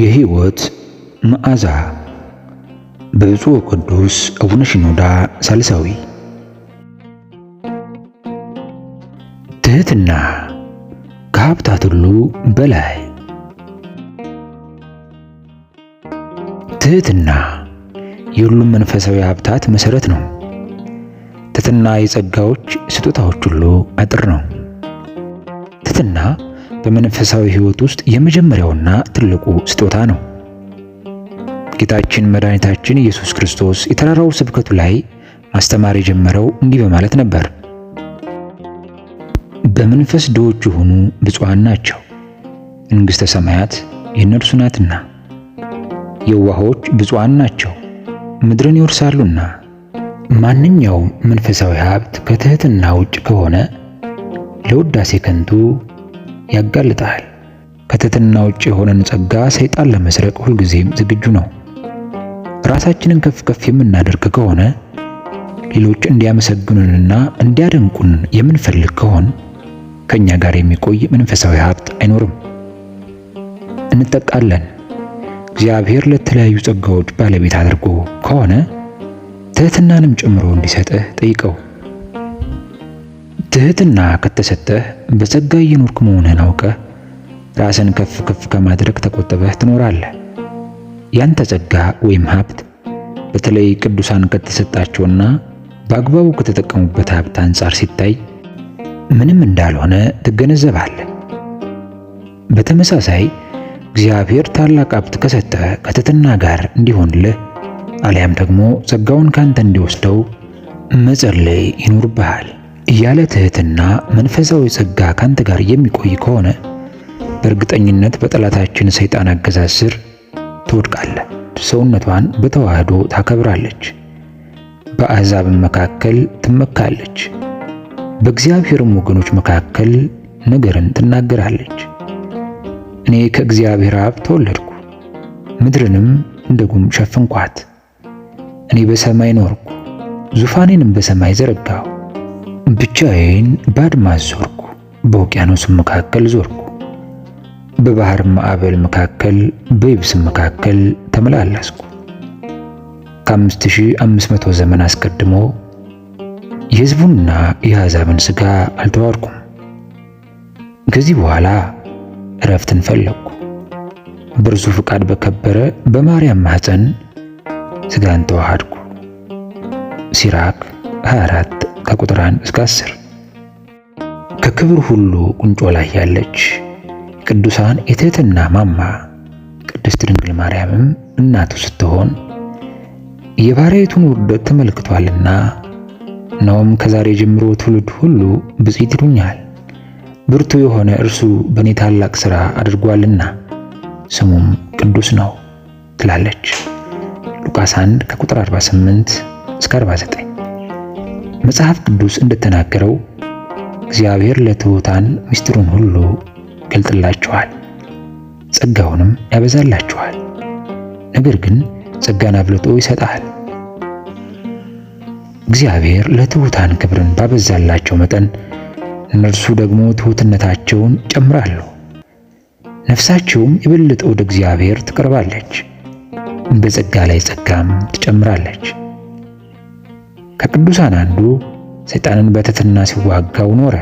የህይወት መዓዛ በብፁዕ ቅዱስ አቡነ ሽኖዳ ሳልሳዊ። ትህትና ከሀብታት ሁሉ በላይ። ትህትና የሁሉም መንፈሳዊ ሀብታት መሰረት ነው። ትህትና የጸጋዎች ስጦታዎች ሁሉ አጥር ነው። ትሕትና በመንፈሳዊ ሕይወት ውስጥ የመጀመሪያውና ትልቁ ስጦታ ነው። ጌታችን መድኃኒታችን ኢየሱስ ክርስቶስ የተራራው ስብከቱ ላይ ማስተማር የጀመረው እንዲህ በማለት ነበር። በመንፈስ ድሆች የሆኑ ብፁዓን ናቸው፣ መንግሥተ ሰማያት የእነርሱ ናትና። የዋሆች ብፁዓን ናቸው፣ ምድርን ይወርሳሉና። ማንኛውም መንፈሳዊ ሀብት ከትህትና ውጭ ከሆነ ለውዳሴ ከንቱ ያጋልጣል ከትህትና ውጭ የሆነን ጸጋ ሰይጣን ለመስረቅ ሁልጊዜም ዝግጁ ነው። ራሳችንን ከፍ ከፍ የምናደርግ ከሆነ ሌሎች እንዲያመሰግኑንና እንዲያደንቁን የምንፈልግ ከሆን ከኛ ጋር የሚቆይ መንፈሳዊ ሀብት አይኖርም። እንጠቃለን። እግዚአብሔር ለተለያዩ ጸጋዎች ባለቤት አድርጎ ከሆነ ትህትናንም ጨምሮ እንዲሰጥህ ጠይቀው። ትህትና ከተሰጠህ በጸጋ እየኖርክ መሆንህን አውቀህ ራስን ከፍ ከፍ ከማድረግ ተቆጥበህ ትኖራለህ። ያንተ ጸጋ ወይም ሀብት በተለይ ቅዱሳን ከተሰጣቸውና በአግባቡ ከተጠቀሙበት ሀብት አንጻር ሲታይ ምንም እንዳልሆነ ትገነዘባለህ። በተመሳሳይ እግዚአብሔር ታላቅ ሀብት ከሰጠህ ከትህትና ጋር እንዲሆንልህ አሊያም ደግሞ ጸጋውን ካንተ እንዲወስደው መጸለይ ይኖርብሃል። ያለ ትህትና መንፈሳዊ ጸጋ ካንተ ጋር የሚቆይ ከሆነ በእርግጠኝነት በጠላታችን ሰይጣን አገዛዝ ስር ትወድቃለ ሰውነቷን በተዋህዶ ታከብራለች፣ በአሕዛብም መካከል ትመካለች፣ በእግዚአብሔርም ወገኖች መካከል ነገርን ትናገራለች። እኔ ከእግዚአብሔር አብ ተወለድኩ፣ ምድርንም እንደ ጉም ሸፈንኳት። እኔ በሰማይ ኖርኩ፣ ዙፋኔንም በሰማይ ዘረጋሁ ብቻዬን በአድማስ ዞርኩ፣ በውቅያኖስ መካከል ዞርኩ፣ በባህር ማዕበል መካከል፣ በየብስ መካከል ተመላለስኩ። ከ5500 ዘመን አስቀድሞ የሕዝቡና የአሕዛብን ሥጋ አልተዋድኩም። ከዚህ በኋላ እረፍትን ፈለግኩ። በእርሱ ፍቃድ በከበረ በማርያም ማኅፀን ሥጋን ተዋሃድኩ። ሲራክ 24 ከቁጥር 1 እስከ 10 ከክብር ሁሉ ቁንጮ ላይ ያለች ቅዱሳን የትህትና ማማ ቅድስት ድንግል ማርያምም እናቱ ስትሆን የባሪያይቱን ውርደት ተመልክቷልና፣ ነውም ከዛሬ ጀምሮ ትውልድ ሁሉ ብፅዕት ይሉኛል፣ ብርቱ የሆነ እርሱ በእኔ ታላቅ ሥራ አድርጓልና ስሙም ቅዱስ ነው ትላለች። ሉቃስ 1 ከቁጥር 48 እስከ 49 መጽሐፍ ቅዱስ እንደተናገረው እግዚአብሔር ለትሑታን ምስጢሩን ሁሉ ይገልጥላቸዋል ጸጋውንም ያበዛላችኋል። ነገር ግን ጸጋን አብልጦ ይሰጣል። እግዚአብሔር ለትሑታን ክብርን ባበዛላቸው መጠን እነርሱ ደግሞ ትሑትነታቸውን ጨምራሉ፣ ነፍሳቸውም የበለጠ ወደ እግዚአብሔር ትቀርባለች፣ በጸጋ ላይ ጸጋም ትጨምራለች። ከቅዱሳን አንዱ ሰይጣንን በትትና ሲዋጋው ኖረ።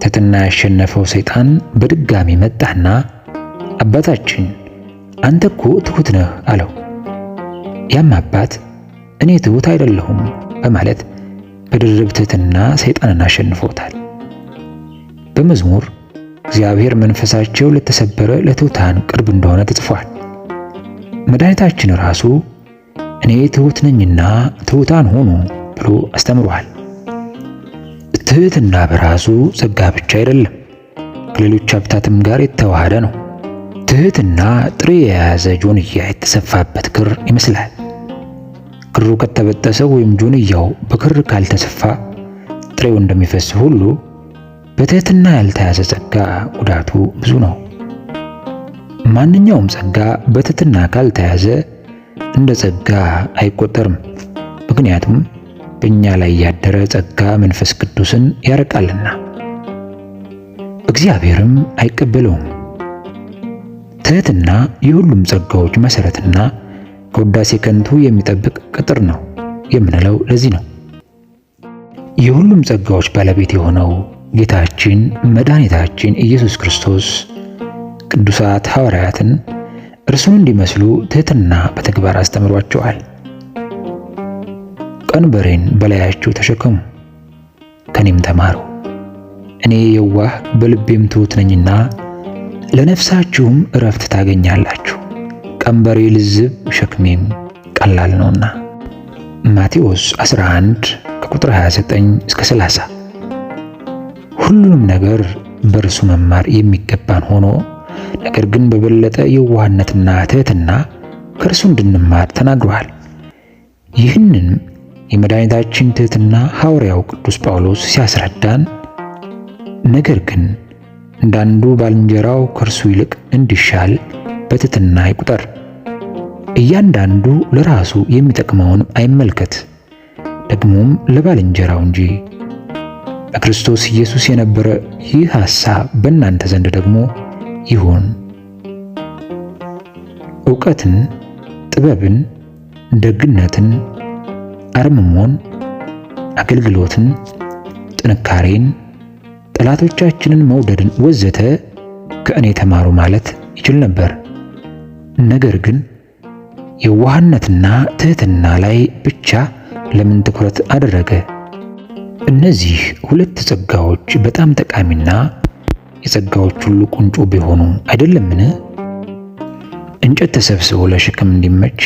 ትሕትና ያሸነፈው ሰይጣን በድጋሚ መጣና አባታችን አንተ እኮ ትሁት ነህ አለው። ያም አባት እኔ ትሁት አይደለሁም በማለት በድርብ ትትና ሰይጣንን አሸንፎታል። በመዝሙር እግዚአብሔር መንፈሳቸው ለተሰበረ ለትሑታን ቅርብ እንደሆነ ተጽፏል። መድኃኒታችን ራሱ እኔ ትሁት ነኝና ትሁታን ሆኑ ብሎ አስተምሯል። ትህትና በራሱ ጸጋ ብቻ አይደለም፣ ከሌሎች ሀብታትም ጋር የተዋሃደ ነው። ትህትና ጥሬ የያዘ ጆንያ የተሰፋበት ክር ይመስላል። ክሩ ከተበጠሰ ወይም ጆንያው በክር ካልተሰፋ ጥሬው እንደሚፈስ ሁሉ በትህትና ያልተያዘ ጸጋ ጉዳቱ ብዙ ነው። ማንኛውም ጸጋ በትህትና ካልተያዘ እንደ ጸጋ አይቆጠርም። ምክንያቱም በእኛ ላይ ያደረ ጸጋ መንፈስ ቅዱስን ያርቃልና እግዚአብሔርም አይቀበለውም። ትህትና የሁሉም ጸጋዎች መሰረትና ከውዳሴ ከንቱ የሚጠብቅ ቅጥር ነው የምንለው ለዚህ ነው። የሁሉም ጸጋዎች ባለቤት የሆነው ጌታችን መድኃኒታችን ኢየሱስ ክርስቶስ ቅዱሳት ሐዋርያትን እርሱን እንዲመስሉ ትህትና በተግባር አስተምሯቸዋል። ቀንበሬን በላያችሁ ተሸከሙ ከኔም ተማሩ፣ እኔ የዋህ በልቤም ትሑት ነኝና ለነፍሳችሁም እረፍት ታገኛላችሁ። ቀንበሬ ልዝብ ሸክሜም ቀላል ነውና። ማቴዎስ 11 ከቁጥር 29 እስከ 30። ሁሉንም ነገር በእርሱ መማር የሚገባን ሆኖ ነገር ግን በበለጠ የዋህነትና ትህትና ከእርሱ እንድንማር ተናግሯል። ይህንን የመድኃኒታችን ትህትና ሐዋርያው ቅዱስ ጳውሎስ ሲያስረዳን፣ ነገር ግን እንዳንዱ ባልንጀራው ከእርሱ ይልቅ እንዲሻል በትህትና ይቁጠር። እያንዳንዱ ለራሱ የሚጠቅመውን አይመልከት፣ ደግሞም ለባልንጀራው እንጂ። በክርስቶስ ኢየሱስ የነበረ ይህ ሐሳብ በእናንተ ዘንድ ደግሞ ይሆን? ዕውቀትን፣ ጥበብን፣ ደግነትን፣ አርምሞን፣ አገልግሎትን፣ ጥንካሬን፣ ጠላቶቻችንን መውደድን ወዘተ ከእኔ ተማሩ ማለት ይችል ነበር። ነገር ግን የዋህነትና ትህትና ላይ ብቻ ለምን ትኩረት አደረገ? እነዚህ ሁለት ጸጋዎች በጣም ጠቃሚና የጸጋዎች ሁሉ ቁንጮ ቢሆኑ አይደለምን? እንጨት ተሰብስቦ ለሸክም እንዲመች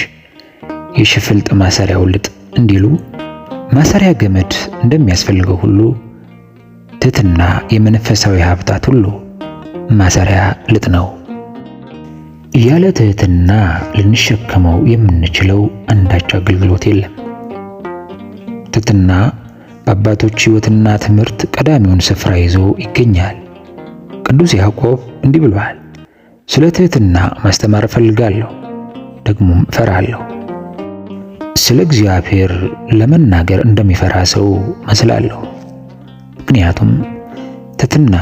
የሽፍልጥ ማሰሪያው ልጥ እንዲሉ ማሰሪያ ገመድ እንደሚያስፈልገው ሁሉ ትህትና የመንፈሳዊ ሀብታት ሁሉ ማሰሪያ ልጥ ነው። ያለ ትህትና ልንሸከመው የምንችለው አንዳች አገልግሎት የለም። ትህትና በአባቶች ሕይወትና ትምህርት ቀዳሚውን ስፍራ ይዞ ይገኛል። ቅዱስ ያዕቆብ እንዲህ ብሏል፣ ስለ ትህትና ማስተማር እፈልጋለሁ፣ ደግሞም እፈራለሁ። ስለ እግዚአብሔር ለመናገር እንደሚፈራ ሰው መስላለሁ። ምክንያቱም ትህትና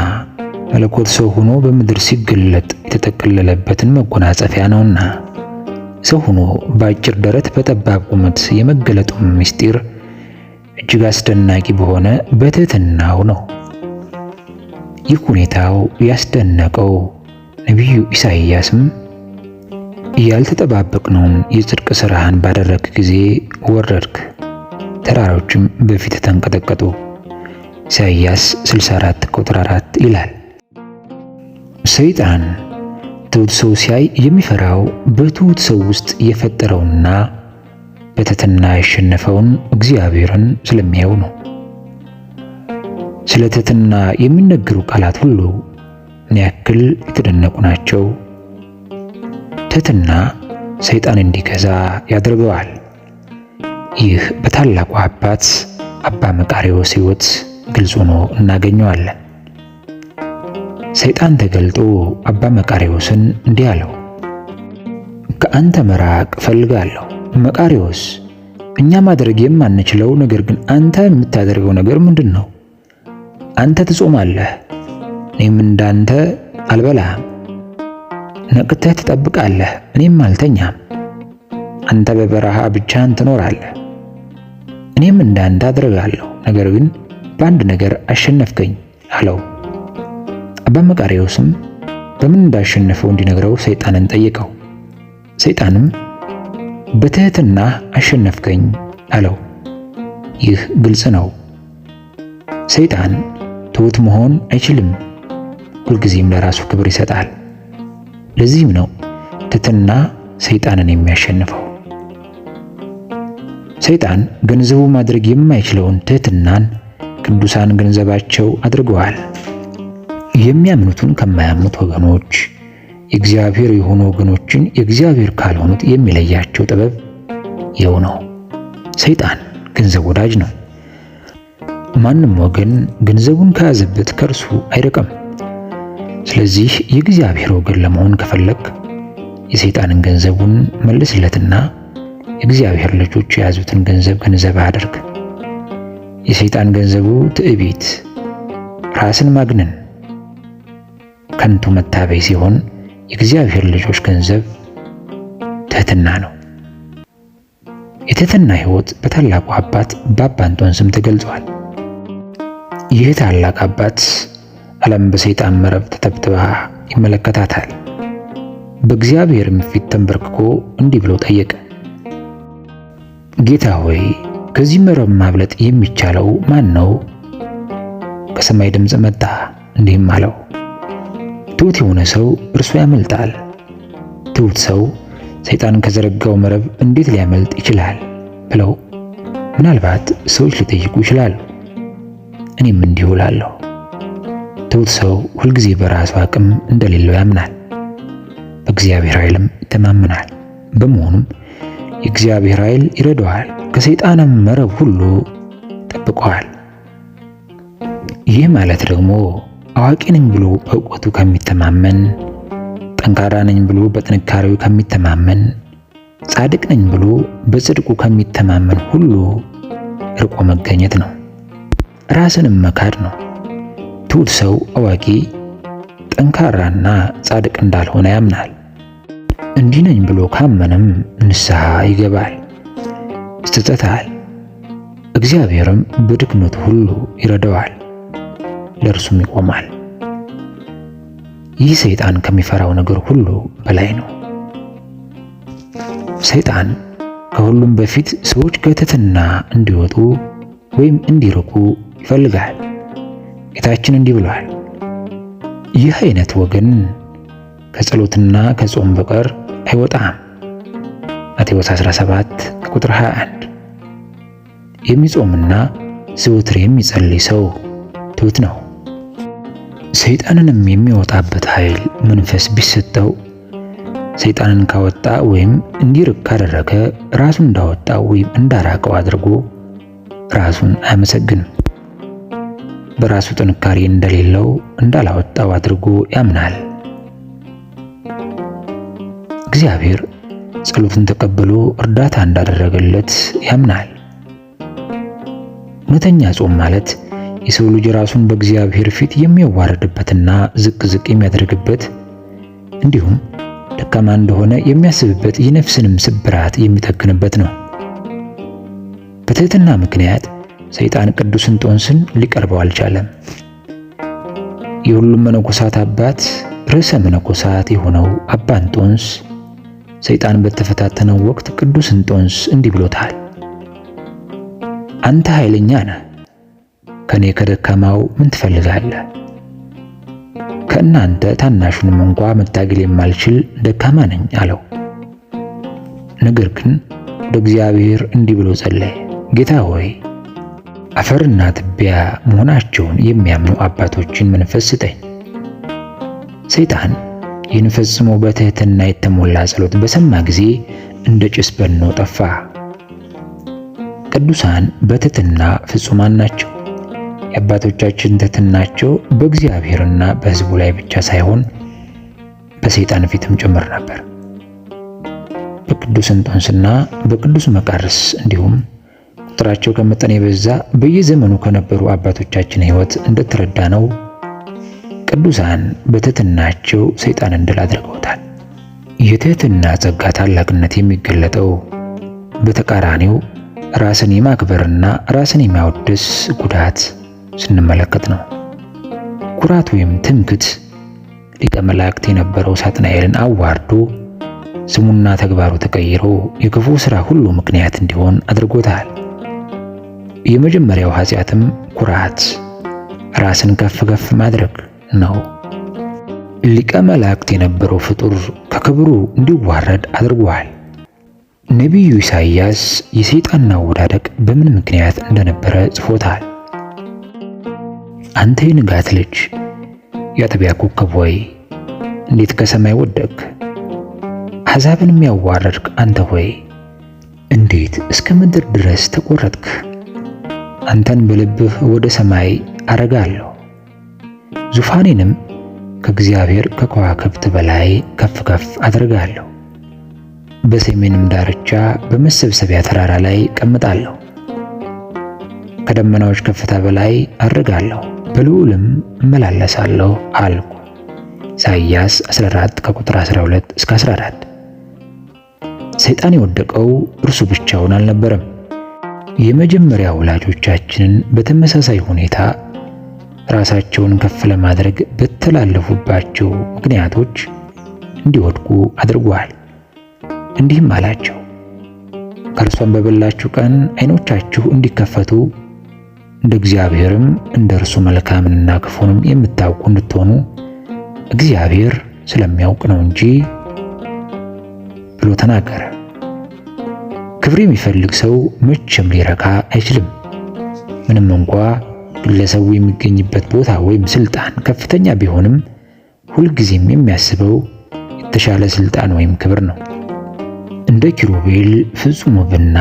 መለኮት ሰው ሆኖ በምድር ሲገለጥ የተጠቀለለበትን መጎናጸፊያ ነውና ሰው ሆኖ በአጭር ደረት በጠባብ ቁመት የመገለጡ ምስጢር እጅግ አስደናቂ በሆነ በትህትናው ነው። ይህ ሁኔታው ያስደነቀው ነቢዩ ኢሳይያስም ያልተጠባበቅነውን የጽድቅ ሥራህን ባደረግ ጊዜ ወረድክ፣ ተራሮችም በፊት ተንቀጠቀጡ። ኢሳይያስ 64 ቁጥር 4 ይላል። ሰይጣን ትሑት ሰው ሲያይ የሚፈራው በትሁት ሰው ውስጥ የፈጠረውና በትሕትና ያሸነፈውን እግዚአብሔርን ስለሚያየው ነው። ስለ ትህትና የሚነገሩ ቃላት ሁሉ ምን ያክል የተደነቁ ናቸው። ትህትና ሰይጣን እንዲገዛ ያደርገዋል። ይህ በታላቁ አባት አባ መቃሪዎስ ሕይወት ግልጽ ሆኖ እናገኘዋለን። ሰይጣን ተገልጦ አባ መቃሪዎስን እንዲህ አለው፣ ከአንተ መራቅ እፈልጋለሁ። መቃሪዎስ እኛ ማድረግ የማንችለው ነገር ግን አንተ የምታደርገው ነገር ምንድን ነው? አንተ ትጾማለህ፣ እኔም እንዳንተ አልበላም። ነቅተህ ትጠብቃለህ፣ እኔም አልተኛም። አንተ በበረሃ ብቻህን ትኖራለህ፣ እኔም እንዳንተ አድርጋለሁ። ነገር ግን በአንድ ነገር አሸነፍከኝ አለው። አባ መቃርዮስም በምን እንዳሸነፈው እንዲነግረው ሰይጣንን ጠየቀው። ሰይጣንም በትህትና አሸነፍከኝ አለው። ይህ ግልጽ ነው። ሰይጣን ትሑት መሆን አይችልም። ሁልጊዜም ለራሱ ክብር ይሰጣል። ለዚህም ነው ትትና ሰይጣንን የሚያሸንፈው። ሰይጣን ገንዘቡ ማድረግ የማይችለውን ትህትናን ቅዱሳን ገንዘባቸው አድርገዋል። የሚያምኑትን ከማያምኑት ወገኖች የእግዚአብሔር የሆኑ ወገኖችን የእግዚአብሔር ካልሆኑት የሚለያቸው ጥበብ ይኸው ነው። ሰይጣን ገንዘብ ወዳጅ ነው። ማንም ወገን ገንዘቡን ከያዘበት ከእርሱ አይርቅም። ስለዚህ የእግዚአብሔር ወገን ለመሆን ከፈለግ የሰይጣንን ገንዘቡን መልስለትና የእግዚአብሔር ልጆች የያዙትን ገንዘብ ገንዘብ አድርግ። የሰይጣን ገንዘቡ ትዕቢት፣ ራስን ማግነን፣ ከንቱ መታበይ ሲሆን የእግዚአብሔር ልጆች ገንዘብ ትህትና ነው። የትህትና ሕይወት በታላቁ አባት በአባ ስም ተገልጿል። ይህ ታላቅ አባት ዓለም በሰይጣን መረብ ተተብትባ ይመለከታታል። በእግዚአብሔርም ፊት ተንበርክኮ እንዲህ ብሎ ጠየቀ፣ ጌታ ሆይ ከዚህ መረብ ማብለጥ የሚቻለው ማን ነው? ከሰማይ ድምፅ መጣ፣ እንዲህም አለው፣ ትሑት የሆነ ሰው እርሱ ያመልጣል። ትሑት ሰው ሰይጣን ከዘረጋው መረብ እንዴት ሊያመልጥ ይችላል? ብለው ምናልባት ሰዎች ሊጠይቁ ይችላሉ። እኔም እንዲሁ እላለሁ። ትሑት ሰው ሁልጊዜ በራሱ አቅም እንደሌለው ያምናል፣ በእግዚአብሔር ኃይልም ይተማመናል። በመሆኑም የእግዚአብሔር ኃይል ይረዳዋል፣ ከሰይጣንም መረብ ሁሉ ጠብቀዋል። ይህ ማለት ደግሞ አዋቂ ነኝ ብሎ በእውቀቱ ከሚተማመን፣ ጠንካራ ነኝ ብሎ በጥንካሬው ከሚተማመን፣ ጻድቅ ነኝ ብሎ በጽድቁ ከሚተማመን ሁሉ ርቆ መገኘት ነው። ራስንም መካድ ነው። ትሑት ሰው አዋቂ፣ ጠንካራና ጻድቅ እንዳልሆነ ያምናል። እንዲህ ነኝ ብሎ ካመነም ንስሐ ይገባል፣ ይጸጸታል። እግዚአብሔርም በድክመቱ ሁሉ ይረዳዋል፣ ለእርሱም ይቆማል። ይህ ሰይጣን ከሚፈራው ነገር ሁሉ በላይ ነው። ሰይጣን ከሁሉም በፊት ሰዎች ከትሕትና እንዲወጡ ወይም እንዲርቁ ይፈልግሃል። ጌታችን እንዲህ ብሏል፣ ይህ አይነት ወገን ከጸሎትና ከጾም በቀር አይወጣም። ማቴዎስ 17 ቁጥር 21። የሚጾምና ዘወትር የሚጸልይ ሰው ትሑት ነው። ሰይጣንንም የሚወጣበት ኃይል መንፈስ ቢሰጠው ሰይጣንን ካወጣ ወይም እንዲርቅ ካደረገ ራሱን እንዳወጣው ወይም እንዳራቀው አድርጎ ራሱን አያመሰግንም። በራሱ ጥንካሬ እንደሌለው እንዳላወጣው አድርጎ ያምናል። እግዚአብሔር ጸሎትን ተቀብሎ እርዳታ እንዳደረገለት ያምናል። እውነተኛ ጾም ማለት የሰው ልጅ ራሱን በእግዚአብሔር ፊት የሚያዋርድበትና ዝቅ ዝቅ የሚያደርግበት እንዲሁም ደካማ እንደሆነ የሚያስብበት የነፍስንም ስብራት የሚጠግንበት ነው። በትህትና ምክንያት ሰይጣን ቅዱስን ጦንስን ሊቀርበው አልቻለም። የሁሉም መነኮሳት አባት ርዕሰ መነኮሳት የሆነው አባ እንጦንስ ሰይጣን በተፈታተነው ወቅት ቅዱስ እንጦንስ እንዲህ ብሎታል። አንተ ኃይለኛ ነህ፣ ከኔ ከደካማው ምን ትፈልጋለህ? ከእናንተ ታናሹንም እንኳ መታገል የማልችል ደካማ ነኝ አለው። ነገር ግን ወደ እግዚአብሔር እንዲህ ብሎ ጸለየ፣ ጌታ ሆይ አፈርና ትቢያ መሆናቸውን የሚያምኑ አባቶችን መንፈስ ስጠኝ። ሰይጣን ይህን ፈጽሞ በትህትና የተሞላ ጸሎት በሰማ ጊዜ እንደ ጭስ በኖ ጠፋ። ቅዱሳን በትህትና ፍጹማን ናቸው። የአባቶቻችን ትህትናቸው በእግዚአብሔርና በሕዝቡ ላይ ብቻ ሳይሆን በሰይጣን ፊትም ጭምር ነበር። በቅዱስ እንጦንስና በቅዱስ መቃርስ እንዲሁም ቁጥራቸው ከመጠን የበዛ በየዘመኑ ከነበሩ አባቶቻችን ሕይወት እንደተረዳ ነው። ቅዱሳን በትህትናቸው ሰይጣንን ድል አድርገውታል። የትህትና ጸጋ ታላቅነት የሚገለጠው በተቃራኒው ራስን የማክበርና ራስን የሚያወድስ ጉዳት ስንመለከት ነው። ኩራት ወይም ትምክት ሊቀ መላእክት የነበረው ሳጥናኤልን አዋርዶ ስሙና ተግባሩ ተቀይሮ የክፉ ሥራ ሁሉ ምክንያት እንዲሆን አድርጎታል። የመጀመሪያው ኃጢአትም ኩራት፣ ራስን ከፍ ከፍ ማድረግ ነው። ሊቀ መላእክት የነበረው ፍጡር ከክብሩ እንዲዋረድ አድርጓል። ነቢዩ ኢሳይያስ የሰይጣን አወዳደቅ በምን ምክንያት እንደነበረ ጽፎታል። አንተ የንጋት ልጅ የአጥቢያ ኮከብ ሆይ እንዴት ከሰማይ ወደቅ? አሕዛብን የሚያዋረድክ አንተ ሆይ እንዴት እስከ ምድር ድረስ ተቆረጥክ? አንተን በልብህ ወደ ሰማይ አረጋለሁ፣ ዙፋኔንም ከእግዚአብሔር ከከዋክብት በላይ ከፍ ከፍ አደርጋለሁ። በሰሜንም ዳርቻ በመሰብሰቢያ ተራራ ላይ ቀምጣለሁ፣ ከደመናዎች ከፍታ በላይ አድርጋለሁ፣ በልዑልም እመላለሳለሁ አልኩ። ኢሳይያስ 14 ከቁጥር 12 እስከ 14። ሰይጣን የወደቀው እርሱ ብቻውን አልነበረም። የመጀመሪያ ወላጆቻችንን በተመሳሳይ ሁኔታ ራሳቸውን ከፍ ለማድረግ በተላለፉባቸው ምክንያቶች እንዲወድቁ አድርጓል። እንዲህም አላቸው፣ ከእርሷን በበላችሁ ቀን ዓይኖቻችሁ እንዲከፈቱ እንደ እግዚአብሔርም እንደ እርሱ መልካምንና ክፉንም የምታውቁ እንድትሆኑ እግዚአብሔር ስለሚያውቅ ነው እንጂ ብሎ ተናገረ። ክብር የሚፈልግ ሰው መቼም ሊረካ አይችልም። ምንም እንኳ ግለሰቡ የሚገኝበት ቦታ ወይም ስልጣን ከፍተኛ ቢሆንም ሁልጊዜም የሚያስበው የተሻለ ስልጣን ወይም ክብር ነው። እንደ ኪሩቤል ፍጹም ውብና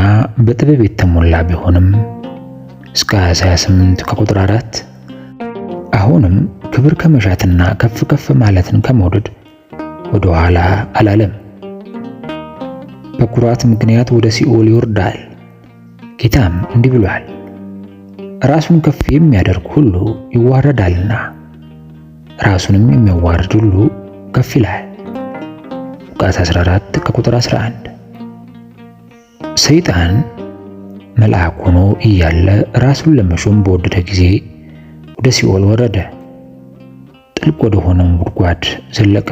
በጥበብ የተሞላ ቢሆንም እስከ 28 ከቁጥር 4 አሁንም ክብር ከመሻትና ከፍ ከፍ ማለትን ከመውደድ ወደ ኋላ አላለም። በኩራት ምክንያት ወደ ሲኦል ይወርዳል። ጌታም እንዲህ ብሏል፣ ራሱን ከፍ የሚያደርግ ሁሉ ይዋረዳልና ራሱንም የሚያዋርድ ሁሉ ከፍ ይላል። ሉቃስ 14 ከቁጥር 11። ሰይጣን መልአክ ሆኖ እያለ ራሱን ለመሾም በወደደ ጊዜ ወደ ሲኦል ወረደ፣ ጥልቅ ወደ ሆነም ጉድጓድ ዘለቀ፣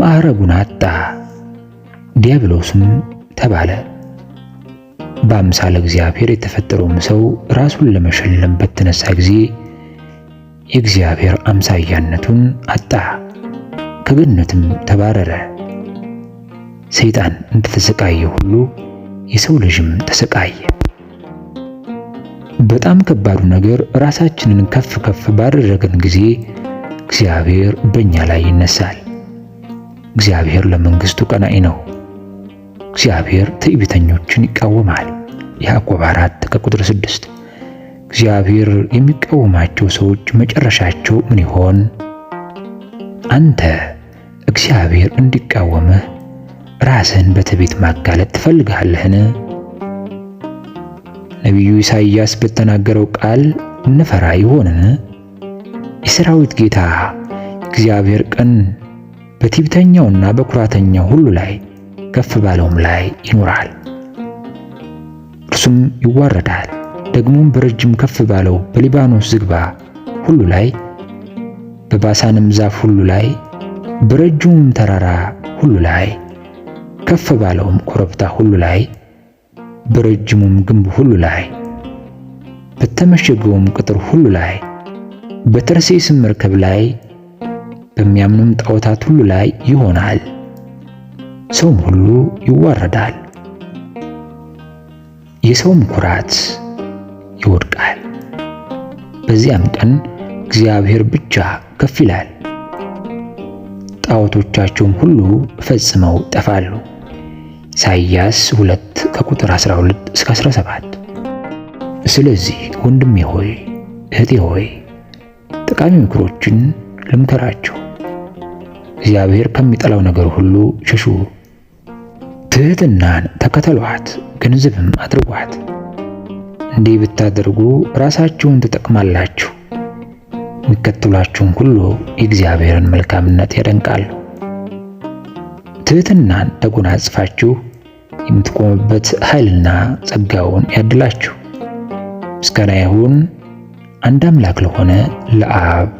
ማዕረጉን አጣ። ዲያብሎስም ተባለ። በአምሳለ እግዚአብሔር የተፈጠረውም ሰው ራሱን ለመሸለም በተነሳ ጊዜ የእግዚአብሔር አምሳያነቱን አጣ፣ ከገነትም ተባረረ። ሰይጣን እንደተሰቃየ ሁሉ የሰው ልጅም ተሰቃየ። በጣም ከባዱ ነገር ራሳችንን ከፍ ከፍ ባደረገን ጊዜ እግዚአብሔር በእኛ ላይ ይነሳል። እግዚአብሔር ለመንግስቱ ቀናኢ ነው። እግዚአብሔር ትዕቢተኞችን ይቃወማል። ያዕቆብ አራት ከቁጥር ስድስት እግዚአብሔር የሚቃወማቸው ሰዎች መጨረሻቸው ምን ይሆን? አንተ እግዚአብሔር እንዲቃወምህ ራስህን በትዕቢት ማጋለጥ ትፈልጋለህን? ነቢዩ ኢሳይያስ በተናገረው ቃል እንፈራ ይሆንን? የሰራዊት ጌታ እግዚአብሔር ቀን በትዕቢተኛውና በኩራተኛው ሁሉ ላይ ከፍ ባለውም ላይ ይኖራል። እርሱም ይዋረዳል። ደግሞም በረጅም ከፍ ባለው በሊባኖስ ዝግባ ሁሉ ላይ በባሳንም ዛፍ ሁሉ ላይ በረጅሙም ተራራ ሁሉ ላይ ከፍ ባለውም ኮረብታ ሁሉ ላይ በረጅሙም ግንብ ሁሉ ላይ በተመሸገውም ቅጥር ሁሉ ላይ በተርሴስም መርከብ ላይ በሚያምኑም ጣዖታት ሁሉ ላይ ይሆናል። ሰውም ሁሉ ይዋረዳል፣ የሰውም ኩራት ይወድቃል። በዚያም ቀን እግዚአብሔር ብቻ ከፍ ይላል፣ ጣዖቶቻቸውም ሁሉ ፈጽመው ይጠፋሉ። ኢሳይያስ 2 ከቁጥር 12 እስከ 17። ስለዚህ ወንድሜ ሆይ እህቴ ሆይ ጠቃሚ ምክሮችን ልምከራቸው። እግዚአብሔር ከሚጠላው ነገር ሁሉ ሽሹ። ትህትናን ተከተሏት፣ ገንዘብም አድርጓት። እንዲህ ብታደርጉ ራሳችሁን ትጠቅማላችሁ፣ የሚከተሏችሁም ሁሉ የእግዚአብሔርን መልካምነት ያደንቃሉ። ትህትናን ተጎናጽፋችሁ የምትቆሙበት ኃይልና ጸጋውን ያድላችሁ። ምስጋና ይሁን አንድ አምላክ ለሆነ ለአብ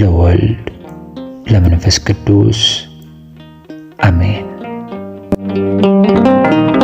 ለወልድ ለመንፈስ ቅዱስ አሜን። Música